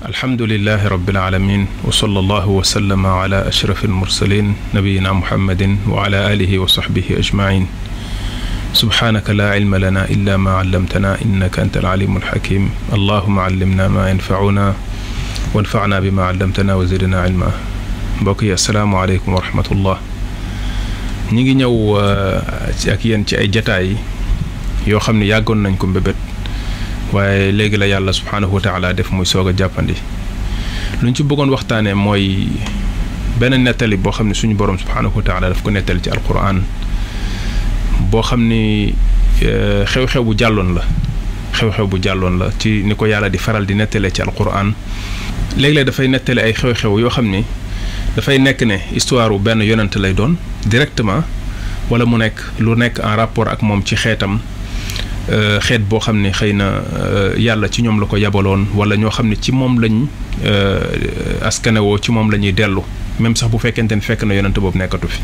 alhamdulilahi rabilalamin wasala allahu wasallama ala ashraf almursalin nabiyina muhammadin wa ala alihi wa saxbihi ajmain subhaanaka laa cilma lana illa maa callamtana innaka anta alcalimu alxakim allahuma callimna maa yanfacuna wanfacna bima callamtana wa zidna cilma mbokk yi asalaamu aleykum wa rahmatullah ñi ngi ñëw uh, ak yéen ci ay jataay yoo xam ne yàggoon nañ ko mbébét waaye léegi la yàlla subhaanahu wa taala def muy soog a jàppandi luñ ci bëggoon waxtaanee mooy benn nettali boo xam ne suñu borom subhaanahu wa taala daf ko nettali ci alquran boo xam ni eh, xew-xew bu jàlloon la xew-xew bu jàlloon la ci ni ko yàlla di faral di nettalee ci alquran léeg-léeg dafay nettali ay xew-xew yoo xam ni dafay nekk ne histoire wu benn yonent lay doon directement wala mu nekk lu nekk en rapport ak moom ci xeetam. Euh, xeet boo xam ne xëy na euh, yàlla ci ñoom la ko yabaloon wala ñoo xam ne ci moom lañ euh, askanewoo ci moom la ñuy dellu même sax bu fekkente ne fekk na yonent boobu nekkatu fi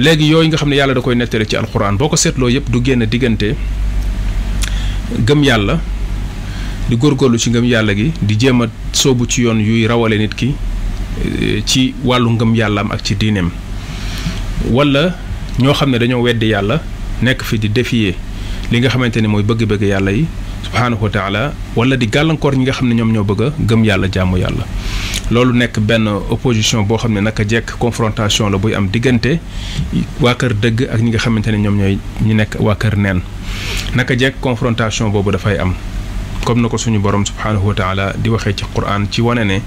léegi yooyu nga xam ne yàlla da koy nettali ci alxuraan boo ko seetloo yëpp du génn diggante gëm yàlla di góorgóorlu ci ngëm yàlla gi di jéem a soobu ci yoon yuy rawale nit ki ci wàllu ngëm yàllaam ak ci diineem wala ñoo xam ne dañoo wedd yàlla nekk fi di défier li nga xamante ne mooy bëgg-bëgg yàlla yi subhaanahu wa taala wala di gàllankoor ñi nga xam ne ñoom ñoo bëgg gëm yàlla jàmm yàlla loolu nekk benn opposition boo xam ne naka jekk confrontation la buy am diggante waa kër dëgg ak ñi nga xamante ne ñoom ñooy ñi nekk waa kër neen naka jekk confrontation boobu dafay am comme na ko suñu borom subhaanahu wa taala di waxee ci quran ci wane ne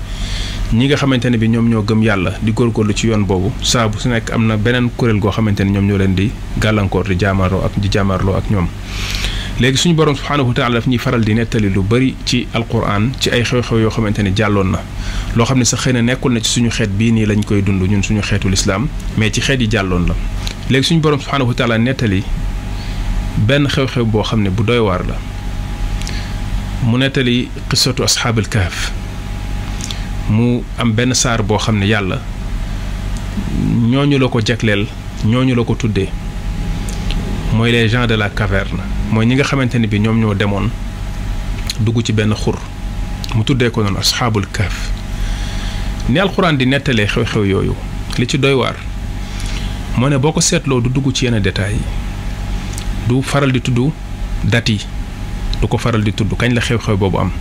ñi nga xamante ne bi ñoom ñoo gëm yàlla di góorgóorlu ci yoon boobu saabu su nekk am na beneen kuréel goo xamante ne ñoom ñoo leen di gàllankoor di jaamaarloo ak di jaamaarloo ak ñoom léegi suñu borom subhaanahu wa taala daf ñuy faral di nettali lu bari ci alquran ci ay xew-xew yoo xamante ne jàlloon na loo xam ne sax xëy na nekkul na ci suñu xeet bii nii lañ koy dund ñun suñu xeetu lislaam mais ci xeet yi jàlloon la léegi suñu borom subhaanahu wa taala nettali benn xew boo xam ne bu doy la mu nettali qisatu asxaabul kahf mu am benn saar boo xam ne yàlla ñoo ñu la ko jagleel ñu la ko tuddee mooy les gens de la caverne mooy ñi nga xamante ne bi ñoom ñoo demoon dugg ci benn xur mu tuddee ko noonu asxaabul kahf ni alxuraan di nettalee xew-xew yooyu li ci doy waar moo ne boo ko seetloo du dugg ci yenn détails yi du faral di tudd dat yi du ko faral di tudd kañ la xew-xew boobu am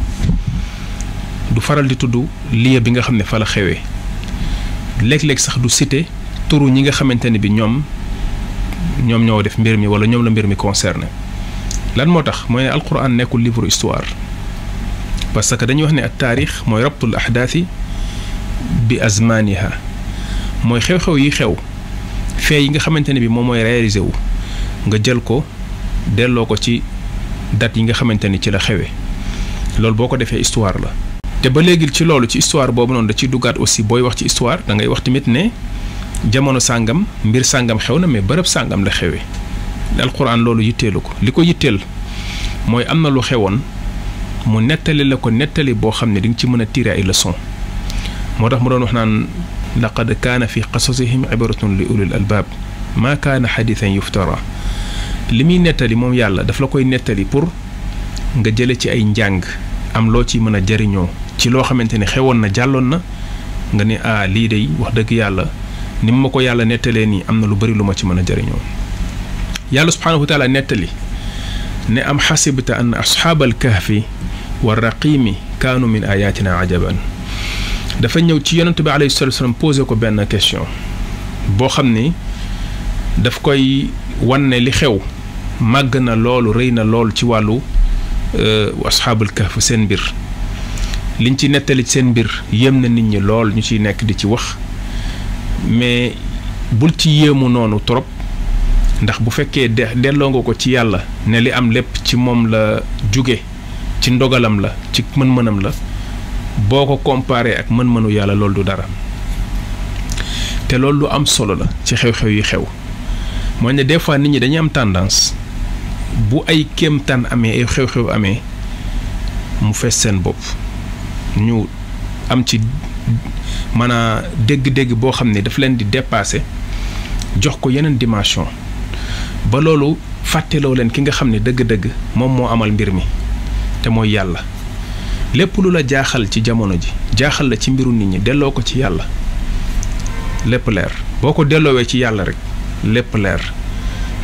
du faral di tudd lieu bi nga xam ne fa la xewee léeg-léeg sax du site turu ñi nga xamante ne bi ñoom ñoom ñoo def mbir mi wala ñoom la mbir mi concerné lan moo tax mooy ne alquran nekkul livre histoire parce que dañuy wax ne ak taarix mooy rabtul ahdaasi bi azmaniha mooy xew-xew yi xew fee yi nga xamante ne bi moom mooy réalisé wu nga jël ko delloo ko ci date yi nga xamante ni ci la xewee loolu boo ko defee histoire la. te ba léegi ci loolu ci histoire boobu noon da ciy duggaat aussi booy wax ci histoire da ngay wax tamit ne jamono sàngam mbir sàngam xew na mais bërëb sàngam la xewee alxuraan loolu yitteelu ko li ko yitteel mooy am na lu xewoon mu nettali la ko nettali boo xam ne di nga ci mën a tirer ay leçons moo tax ma doon wax naan laqad kaana fi qasasihim ibratun li ulil albaab maa kaana xadiisan yuftara li muy nettali moom yàlla daf la koy nettali pour nga jële ci ay njàng am loo ci mën a jariñoo ci loo xamante ni xewoon na jàlloon na nga ne ah lii day wax dëgg yàlla ni mu ma ko yàlla nettalee nii am na lu bari lu ma ci mën a jariñoo yàlla subhaanahu wa nettali ne am xasibta an asxaabal kahfi wa raqiimi kaanu min ayatina ajaban dafa ñëw ci yonent bi alayhi salatu wasalam ko benn question boo xam ne daf koy wanne li xew màgg na loolu rëy na lool ci wàllu euh, asxaabul kahf seen mbir liñ ci nettali seen mbir yéem na nit ñi lool ñu ciy nekk di ci wax mais bul ci yéemu noonu trop ndax bu fekkee de delloo nga ko ci yàlla ne li am lépp ci moom la jóge ci ndogalam la ci mën-mënam la boo ko comparé ak mën-mënu yàlla loolu du dara te loolu lu am solo la ci xew-xew yi xew mooy ne des nit ñi dañu am tendance bu ay kéemtaan amee ay xew-xew amee mu fees seen bopp ñu am ci mën a dégg-dégg boo xam ne daf leen di dépasser jox ko yeneen dimension ba loolu fàtteloo leen ki nga xam ne dëgg-dëgg moom moo amal mbir mi te mooy yàlla lépp lu la jaaxal ci jamono ji jaaxal la ci mbiru nit ñi delloo ko ci yàlla lépp leer boo ko delloowee ci yàlla rek lépp leer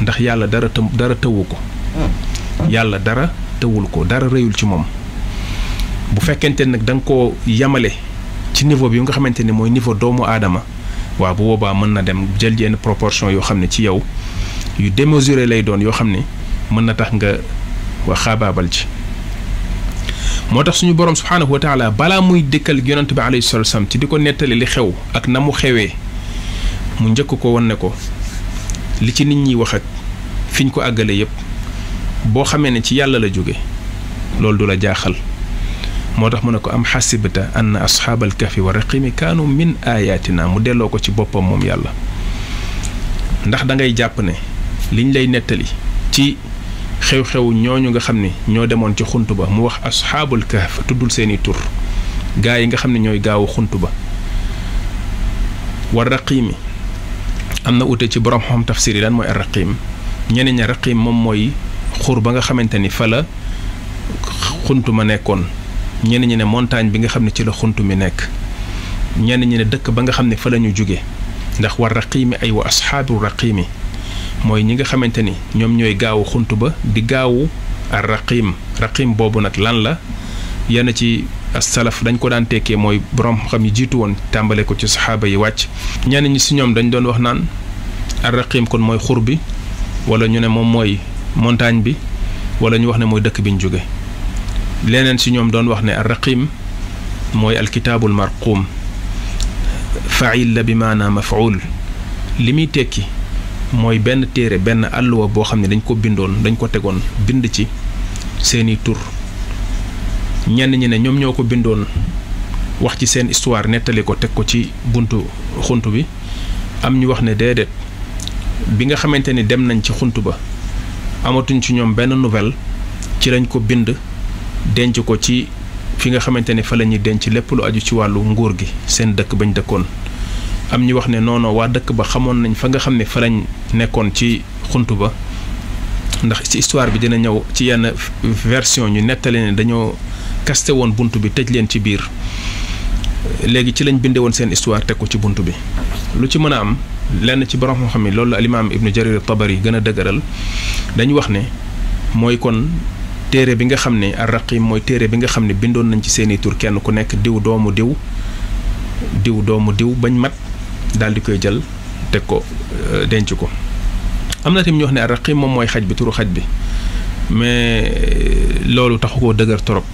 ndax yàlla dara të dara tëwu ko yàlla dara tëwul ko dara réyul ci moom bu fekkente nag danga ko yamale ci niveau bi nga xamante ne mooy niveau doomu aadama waaw bu boobaa mën na dem jël yenn proportion yoo xam ne ci yow yu démesuré lay doon yoo xam ne mën na tax nga wax xaabaabal ci moo tax suñu borom subhaanahu wa taala balaa muy dëkkal yonent bi alayhi salaatu salaam ci di ko nettali li xew ak na mu xewee mu njëkk ko wan ne ko li ci nit ñi wax ak fi ko àggale yëpp. boo xamee ne ci yàlla la jóge loolu du la jaaxal moo tax mu ne ko am xasibta anna asxaabal kahfi wa raqimi kaanu min aayaatina mu delloo ko ci boppam moom yàlla ndax dangay jàpp ne liñ lay nettali ci xew-xewu ñooñu nga xam ni ñoo demoon ci xunt ba mu wax asxaabul kahf tuddul seeni tur gaa yi nga xam ne ñooy gaawu xunt ba wa raqimi am na ute ci boroom xam tafsir yi lan mooy ar raqim ñeneen ña raqim moom mooy xur ba nga xamante ni fa la xunt ma nekkoon ñenn ñi ne montagne bi nga xam ne ci la xunt mi nekk ñenn ñi ne dëkk ba nga xam ne fa la jóge ndax war raqiimi ay wa asxaabu raqiimi mooy ñi nga xamante ni ñoom ñooy gaawu xunt ba di gaawu ar raqim raqim boobu nag lan la yenn ci salaf dañ ko daan tekkee mooy borom xam yi jiitu woon tàmbale ko ci saxaaba yi wàcc ñenn ñi si ñoom dañ doon wax naan ar raqim kon mooy xur bi wala ñu ne moom mooy montagne bi wala ñu wax ne mooy dëkk bi ñu jóge leneen si ñoom doon wax ne ar mooy alkitaabul marquum fail la bi maanaam mafaul li muy tekki mooy benn téere benn àlluwa boo xam ne dañ ko bindoon dañ ko tegoon bind ci seeni tur ñenn ñi ne ñoom ñoo ko bindoon wax ci seen histoire nettali ko teg ko ci buntu xunt bi am ñu wax ne déedéet bi nga xamante ni dem nañ ci xunt ba amatuñ ci ñoom benn nouvelle ci lañ ko bind denc ko ci fi nga xamante ne fa la ñuy denc lépp lu aju ci wàllu nguur gi seen dëkk bañ dëkkoon am ñu wax ne noono waa dëkk ba xamoon nañ fa nga xam ne fa nekkoon ci xunt ba ndax ci histoire bi dina ñëw ci yenn version ñu nettali ne dañoo kaste woon bunt bi tëj leen ci biir léegi ci lañ binde woon seen histoire teg ko ci bunt bi lu ci mën a am lenn ci borom xam-xam yi loolu la alimaam ibnu jarir tabari gën a dëgëral dañu wax ne mooy kon téere bi nga xam ne arraqim mooy téere bi nga xam ne bindoon nañ ci seeni tur kenn ku nekk diw doomu diw diw doomu diw bañ mat daal di koy jël teg ko euh, denc ko am na tamit ñu wax ne arraqim moom mooy xaj bi turu xaj bi mais euh, loolu taxu koo dëgër trop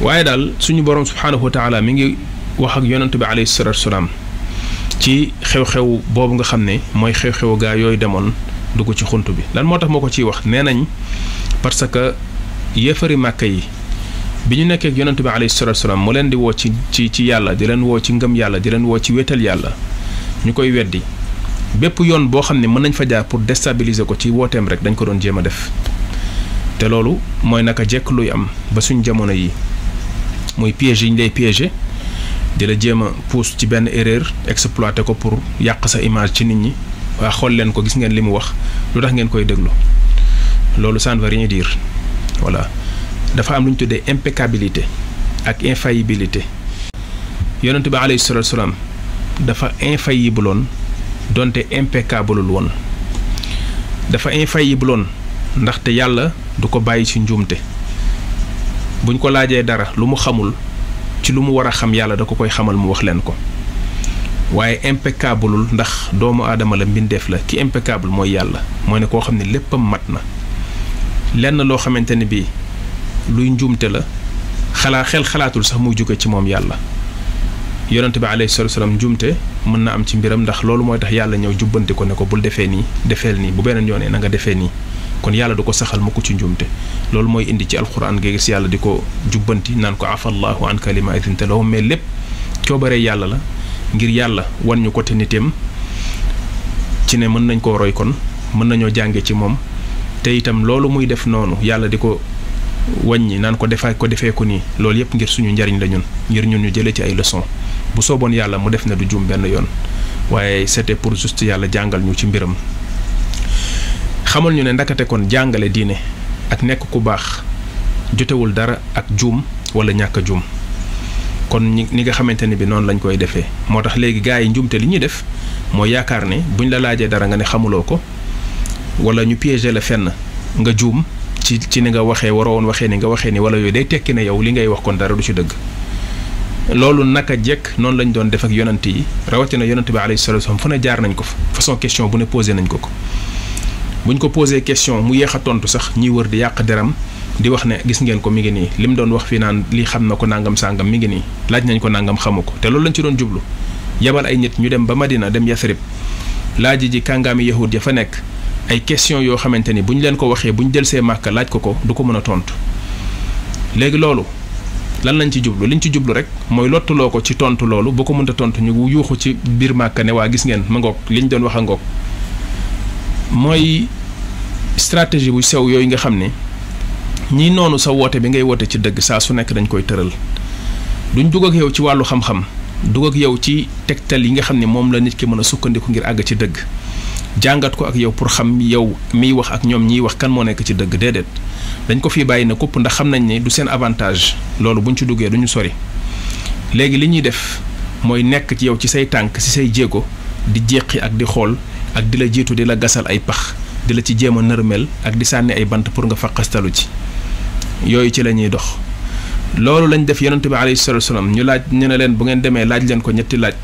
waaye daal suñu borom subhaanahu wa taala mi ngi wax ak yonent bi alayhi salaatu wa ci xew-xew boobu nga xam ne mooy xew xewu gaa yooyu demoon dugg ci xunt bi lan moo tax moo ko ciy wax nee nañ parce que yéefari màkka yi bi ñu nekkee ak yonent bi alayhi salaatu salaam mu leen di woo ci ci ci yàlla di leen woo ci ngëm yàlla di leen woo ci wéetal yàlla ñu koy weddi bépp yoon boo xam ne mën nañ fa jaar pour déstabiliser ko ci wooteem rek dañ ko doon jéem a def te loolu mooy naka jekk luy am ba suñ jamono yi muy piège yi ñu lay piéger di la jéem a pousse ci benn erreur exploité ko pour yàq sa image ci nit ñi waa xool leen ko gis ngeen li mu wax lu tax ngeen koy déglu loolu ça ne veut rien voilà dafa am lu ñu tuddee impeccabilité ak infayibilité yonent bi alayhi dafa infaillible woon donte impeccable woon dafa infaillible woon ndaxte yàlla du ko bàyyi ci njuumte buñ ko laajee dara lu mu xamul. ci lu mu war a xam yàlla da ko koy xamal mu wax leen ko waaye impeccableul ndax doomu aadama la mbindeef la ki impeccable mooy yàlla mooy ne koo xam ne léppam mat na lenn loo xamante ni bii luy njuumte la xalaa xel xalaatul sax muy jóge ci moom yàlla yonente bi alayhi salatu salaam njuumte mën na am ci mbiram ndax loolu mooy tax yàlla ñëw jubbanti ko ne ko bul defee nii defeel nii bu beneen yoonee na nga defee nii kon yàlla du ko saxal mu ko ci njuumte loolu mooy indi ci alxuraan ngay gis yàlla di ko jubbanti naan ko afallahu an kalima idinta lahum mais lépp coobaree yàlla la ngir yàlla wan ñu ko te niteem ci ne mën nañ ko roy kon mën nañoo jànge ci moom te itam loolu muy def noonu yàlla di ko wàññi naan ko defaa ko defee ko nii loolu yëpp ngir suñu njariñ la ñun ngir ñun ñu jëlee ci ay leçon bu sooboon yàlla mu def na du jum benn yoon waaye c'était pour juste yàlla jàngal ñu ci mbiram xamal ñu ne ndakate kon jàngale diine ak nekk ku baax jotewul dara ak juum wala ñàkk a juum kon ñi ni nga xamante ne bi noonu lañ koy defee moo tax léegi gars yi njuumte li ñuy def mooy yaakaar ne buñ la laajee dara nga ne xamuloo ko wala ñu piéger la fenn nga juum ci ci ni nga waxee waroo woon waxee ni nga waxee ni wala yooyu day tekki ne yow li ngay wax kon dara du ci dëgg loolu naka jekk noonu lañ doon def ak yonant yi rawatina yonant bi alayhi salaatu wa salaam jaar nañ ko fa question bu ne nañ ko ko bu ñu ko posé question mu yéex a tontu sax ñuy wër di yàq deram di wax ne gis ngeen ko mi ngi nii li mu doon wax fii naan lii xam na ko nangam sàngam mi ngi nii laaj nañ ko nangam xamu ko te loolu lañ ci doon jublu yabal ay nit ñu dem ba Madina dem Yasrib laaj ji kàngaami yahud ya fa nekk ay question yoo xamante ni bu leen ko waxee bu ñu jël see màkk laaj ko ko du ko mën a tontu léegi loolu lan lañ ci jublu liñ ci jublu rek mooy lottuloo ko ci tontu loolu boo ko mënta tontu ñu yuuxu ci biir màkk ne waa gis ngeen ma ngoog ñu doon wax a ngoog mooy stratégie bu sew yooyu nga xam ne ñi noonu sa woote bi ngay woote ci dëgg saa su nekk dañ koy tëral duñ dugg ak yow ci wàllu xam-xam dugg ak yow ci tegtal yi nga xam ne moom la nit ki mën a sukkandiku ngir àgg ci dëgg jàngat ko ak yow pour xam yow miy wax ak ñoom ñiy wax kan moo nekk ci dëgg déedéet dañ ko fi bàyyi na kupp ndax xam nañ ne du seen avantage loolu buñ ci duggee duñu sori léegi li ñuy def mooy nekk ci yow ci say tànk ci say jéego di jeqi ak di xool ak di la jiitu di la gasal ay pax di la ci jéem a nërmel ak di sànni ay bant pour nga faqastalu ci yooyu ci la ñuy dox loolu lañ def yonent bi alayhi salatu ñu laaj ñu ne leen bu ngeen demee laaj leen ko ñetti laaj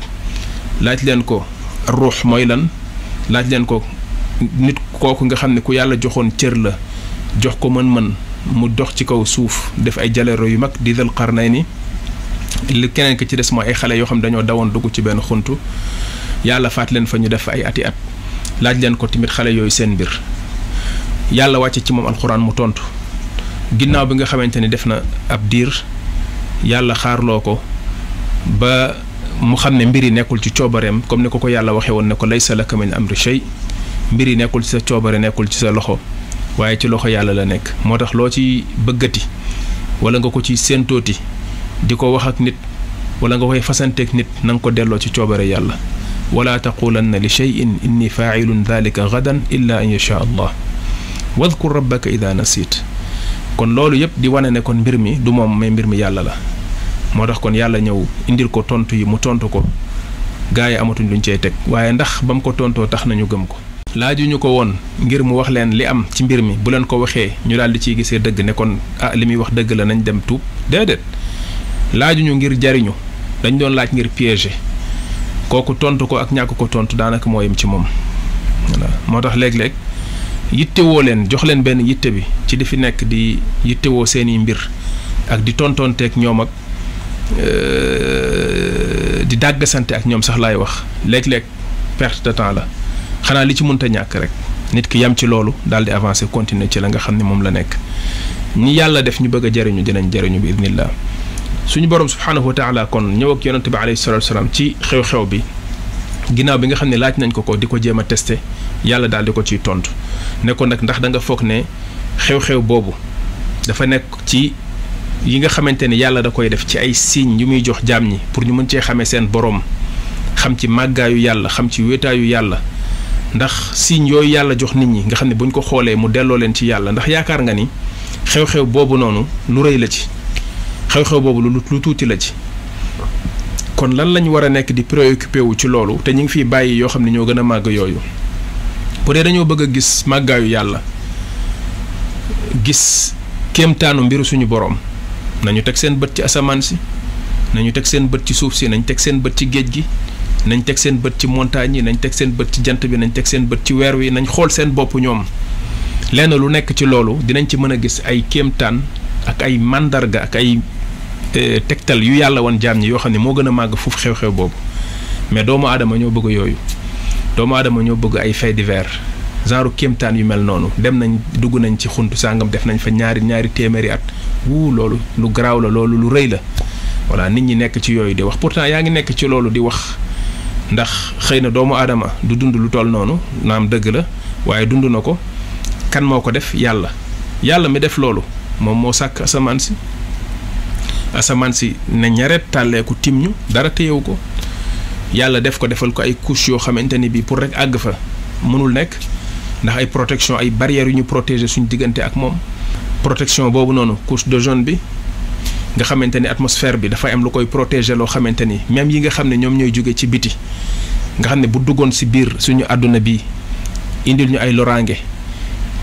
laaj leen ko ruux mooy lan laaj leen ko nit kooku nga xam ne ku yàlla joxoon cër la jox ko mën-mën mu dox ci kaw suuf def ay jaleero yu mag di xar xarnay ni li keneen ki ci des mooy ay xale yoo xam ne dañoo dawoon dugg ci benn xuntu yàlla faat leen fa ñu def ay ati at laaj leen ko tamit xale yooyu seen mbir yàlla wàcce ci moom alxuraan mu tontu ginnaaw bi nga xamante ni def na ab diir yàlla xaarloo ko ba mu xam ne mbir yi nekkul ci coobareem comme ni ko ko yàlla waxee woon ne ko laysa laka min amri shay mbir yi nekkul ci sa coobare nekkul ci sa loxo waaye ci loxo yàlla la nekk moo tax loo ci bëggati wala nga ko ci séentooti di ko wax ak nit wala nga koy fasanteeg nit na nga ko delloo ci coobare yàlla wala taqulanna li cheyin inni faacilun dalika gadan illa an yasha allah wadkur rabbaka ida nasit kon loolu yëpp di wane ne mbir mi du moom mais mbir mi yàlla la moo tax kon yàlla ñëw indil ko tontu yi mu tontu ko gaa yi amatuñ luñ cey teg waaye ndax ba ko tontoo tax nañu gëm ko laajuñu ko woon ngir mu wax leen li am ci mbir mi bu leen ko waxee ñu daal di ciy gisee dëgg ne kon ah li muy wax dëgg la nañ dem tuub déedéet ngir jariñu dañ doon laaj ngir piéger kooku tontu ko ak ñàkk ko tontu daanaka moo yem ci moom voilà moo tax léeg-léeg yittewoo leen jox leen benn yitte bi ci di fi nekk di yittewoo seeni mbir ak di tontonteeg ñoom ak euh, di dàggasante ak ñoom sax laay wax léeg-léeg perte de temps la xanaa li ci mënta ñàkk rek nit ki yam ci loolu daal di avancer continuer ci la nga xam ne moom la nekk ñi yàlla def ñu bëgg a jariñu dinañ jariñu bi idnillah suñu borom subhaanahu wa taala kon ñëw ak yonent bi alayhi salaatu salaam ci xew-xew bi ginnaaw bi nga xam ne laaj nañ ko ko di ko jéem a testé yàlla daal di ko ciy tontu ne ko nag ndax da nga foog ne xew-xew boobu dafa nekk ci yi nga xamante ne yàlla da koy def ci ay signes yu muy jox jaam ñi pour ñu mën cee xamee seen borom xam ci màggaayu yàlla xam ci wetaayu yàlla. ndax signes yooyu yàlla jox nit ñi nga xam ne buñ ko xoolee mu delloo leen ci yàlla ndax yaakaar nga ni xew-xew boobu noonu lu rëy la ci xew-xew boobu lu lu tuuti la ci kon lan lañ war a nekk di préoccupé wu ci loolu te ñu ngi fi bàyyi yoo xam ne ñoo gën a màgg yooyu bu dee dañoo bëgg a gis màggaayu yàlla gis kéemtaanu mbiru suñu boroom nañu teg seen bët ci asamaan si nañu teg seen bët ci suuf si nañ teg seen bët ci géej gi nañ teg seen bët ci montagne yi nañ teg seen bët ci jant bi nañ teg seen bët ci weer wi nañ xool seen boppu ñoom lenn lu nekk ci loolu dinañ ci mën a gis ay kéemtaan ak ay màndarga ay tegtal yu yàlla wan jaam ñi yoo xam ne moo gën a màgg foofu xew-xew boobu mais doomu aadama ñoo bëgg yooyu doomu adama ñoo bëgg ay faits divers genre kéemtaan yu mel noonu dem nañ dugg nañ ci xuntu sàngam def nañ fa ñaari ñaari téeméeri at wuu loolu lu garaaw la loolu lu rëy la voilà nit ñi nekk ci yooyu di wax pourtant yaa ngi nekk ci loolu di wax ndax xëy na doomu aadama du dund lu tool noonu naam dëgg la waaye dund na ko kan moo ko def yàlla yàlla mi def loolu moom moo sàkk asamaan si asamaan si ne ñaret tàlleeku tiim ñu dara téyewu ko yàlla def ko defal ko ay couche yoo xamante ni bii pour rek àgg fa mënul nekk ndax ay protection ay barrières yu ñu protéger suñu diggante ak moom protection boobu noonu couche d'ozone bi nga xamante ni atmosphère bi dafay am lu koy protéger loo xamante ni même yi nga xam ne ñoom ñooy jóge ci biti nga xam ne bu duggoon si biir suñu àdduna bi indil ñu ay loraange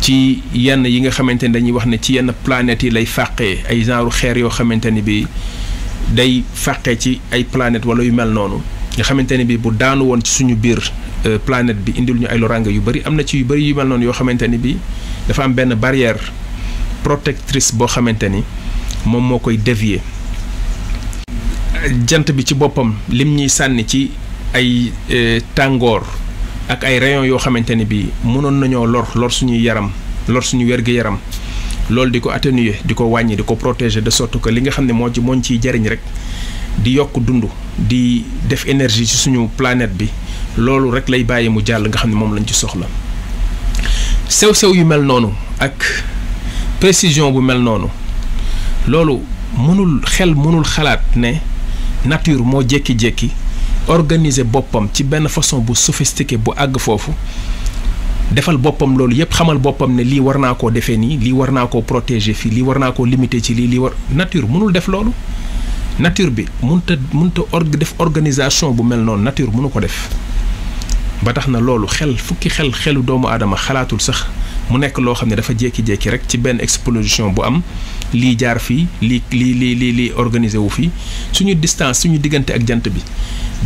ci yenn yi nga xamante ni dañuy wax ne ci yenn planètes yi lay fàqee ay genre xeer yoo xamante ni bi day fàqee ci ay planètes wala yu mel noonu nga xamante ni bi bu daanu woon ci suñu biir euh, planète bi indil ñu ay lorange yu bari am na ci yu bëri yu mel noonu yoo xamante ni bi dafa am benn barrière protectrice boo xamante ni moom moo koy dévier jant bi ci boppam lim ñuy sànni ci ay euh, tàngoor ak ay rayon yoo xamante ne bii mënoon nañoo lor lor suñuy yaram lor suñu wergu yaram loolu di ko atténuer di ko wàññi di ko protéger de sorte que li nga xam ne moo ci mooñ ciy jariñ rek di yokk dund di def énergie suñu planète bi loolu rek lay bàyyi mu jàll nga xam ne moom lañ ci soxla sew-sew yu mel noonu ak précision bu mel noonu loolu mënul xel mënul xalaat ne nature moo jékki-jékki organiser boppam ci benn façon bu sophistiqué bu àgg foofu defal boppam loolu yépp xamal boppam ne lii war naa koo defee nii lii war naa koo protégé fii lii war naa koo limiter ci lii lii war nature mënul def loolu nature bi mënut a mënut def organisation bu mel noonu nature mënu ko def ba tax na loolu xel fukki xel xelu doomu aadama xalaatul sax. mu nekk loo xam ne dafa jékki-jékki rek ci benn explosion bu am lii jaar fii lii lii lii lii lii organisé wu fii suñu distance suñu diggante ak jant bi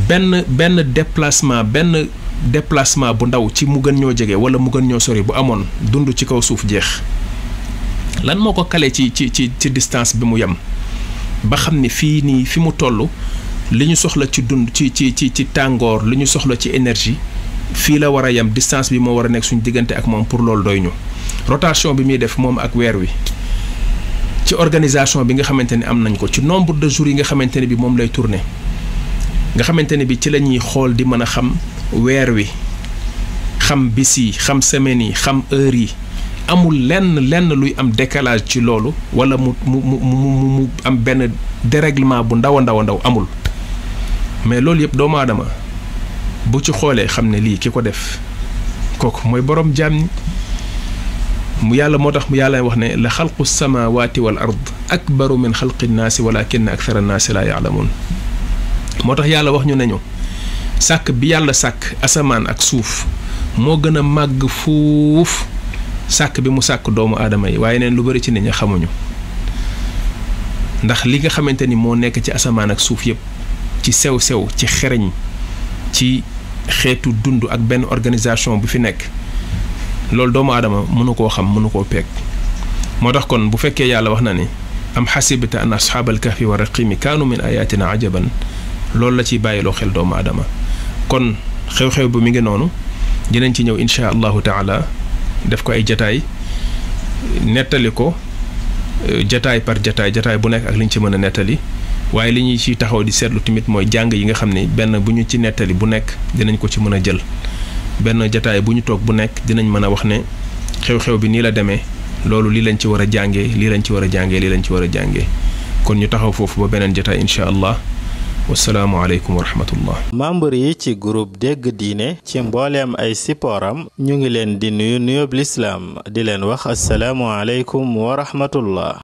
benn benn déplacement benn déplacement bu ndaw ci mu gën ñoo jege wala mu gën ñoo sori bu amoon dund ci kaw suuf jeex lan moo ko kale ci ci ci ci distance bi mu yem ba xam ni fii nii fi mu toll li ñu soxla ci dund ci ci ci ci tàngoor li ñu soxla ci énergie fii la war a yem distance bi moo war a nekk suñu diggante ak moom pour loolu doy ñu rotation bi muy def moom ak weer wi ci organisation bi nga xamante ne am nañ ko ci nombre de jour yi nga xamante ne bi moom lay tourner nga xamante ne bi ci lañuy xool di mën a xam weer wi xam bis yi xam semaines yi xam heures yi amul lenn lenn luy am décalage ci loolu wala mu mu mu mu mu am benn déréglement bu ndaw a ndaw ndaw amul mais loolu yëpp doomu bu ci xoolee xam ne lii ki ko def kooku mooy boroom jaam ñi mu yàlla moo tax mu yàlla wax ne la xalqu samawati wal ard akbaru min xalqi nnaasi walakin akthara nnaasi laa moon moo tax yàlla wax ñu nañu sàkk bi yàlla sàkk asamaan ak suuf moo gën a màgg fuuf sàkk bi mu sàkk doomu aadama yi waaye neen lu bari ci nit ñi xamuñu ndax li nga xamante ni moo nekk ci asamaan ak suuf yépp ci sew sew ci xereñ ci xeetu dund ak benn organisation bu fi nekk loolu doomu aadama mënu koo xam mënu koo peeg moo tax kon bu fekkee yàlla wax na ni am xasibta an asxaabal kahfi wa raqimi kaanu min ayatina ajaban loolu la ciy bàyyiloo xel doomu aadama kon xew-xew bi mi ngi noonu dinañ ci ñëw incha allahu taala def ko ay jataay nettali ko jataay par jataay jataay bu nekk ak liñ ci mën a nettali waaye li ñuy ciy taxaw di seetlu tamit mooy jàng yi nga xam ne benn bu ñu ci nettali bu nekk dinañ ko ci mën a jël benn jataay bu ñu toog bu nekk dinañ mën a wax ne xew-xew bi nii la demee loolu lii lañ ci war a jàngee lii lañ ci war a jàngee lii lañ ci war a jàngee kon ñu taxaw foofu ba beneen jataay incha allah wasalaamualeykum wa rahmatullah membre yi ci groupe dégg diine ci mbooleem ay sipooram ñu ngi leen di nuyu nuyub lislaam di leen wax asalaamualeykum wa rahmatullah